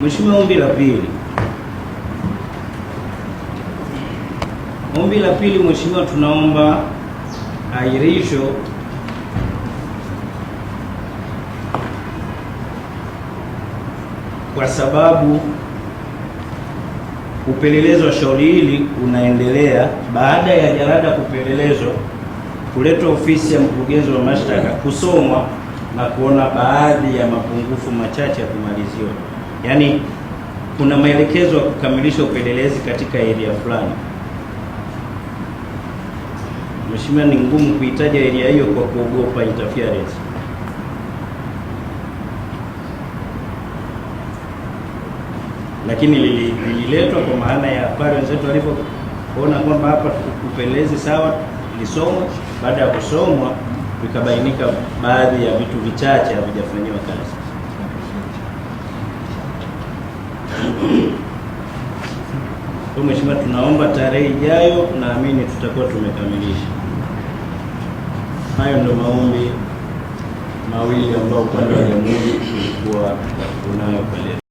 Mheshimiwa, ombi la pili. Ombi la pili Mheshimiwa, tunaomba airisho kwa sababu upelelezi wa shauri hili unaendelea. Baada ya jalada kupelelezwa, kuletwa ofisi ya mkurugenzi wa mashtaka, kusomwa na kuona baadhi ya mapungufu machache ya kumaliziwa yaani kuna maelekezo ya kukamilisha upelelezi katika area fulani. Mheshimiwa, ni ngumu kuitaja area hiyo kwa kuogopa interference. Lakini lililetwa kwa maana ya pale wenzetu walipoona kwamba hapa upelelezi sawa, lisomwa. Baada ya kusomwa, vikabainika baadhi ya vitu vichache havijafanyiwa kazi. Kwa mheshimiwa, tunaomba tarehe ijayo, naamini tutakuwa tumekamilisha. Hayo ndio maombi mawili ambayo upande wa jamhuri ulikuwa unayo kwa leo.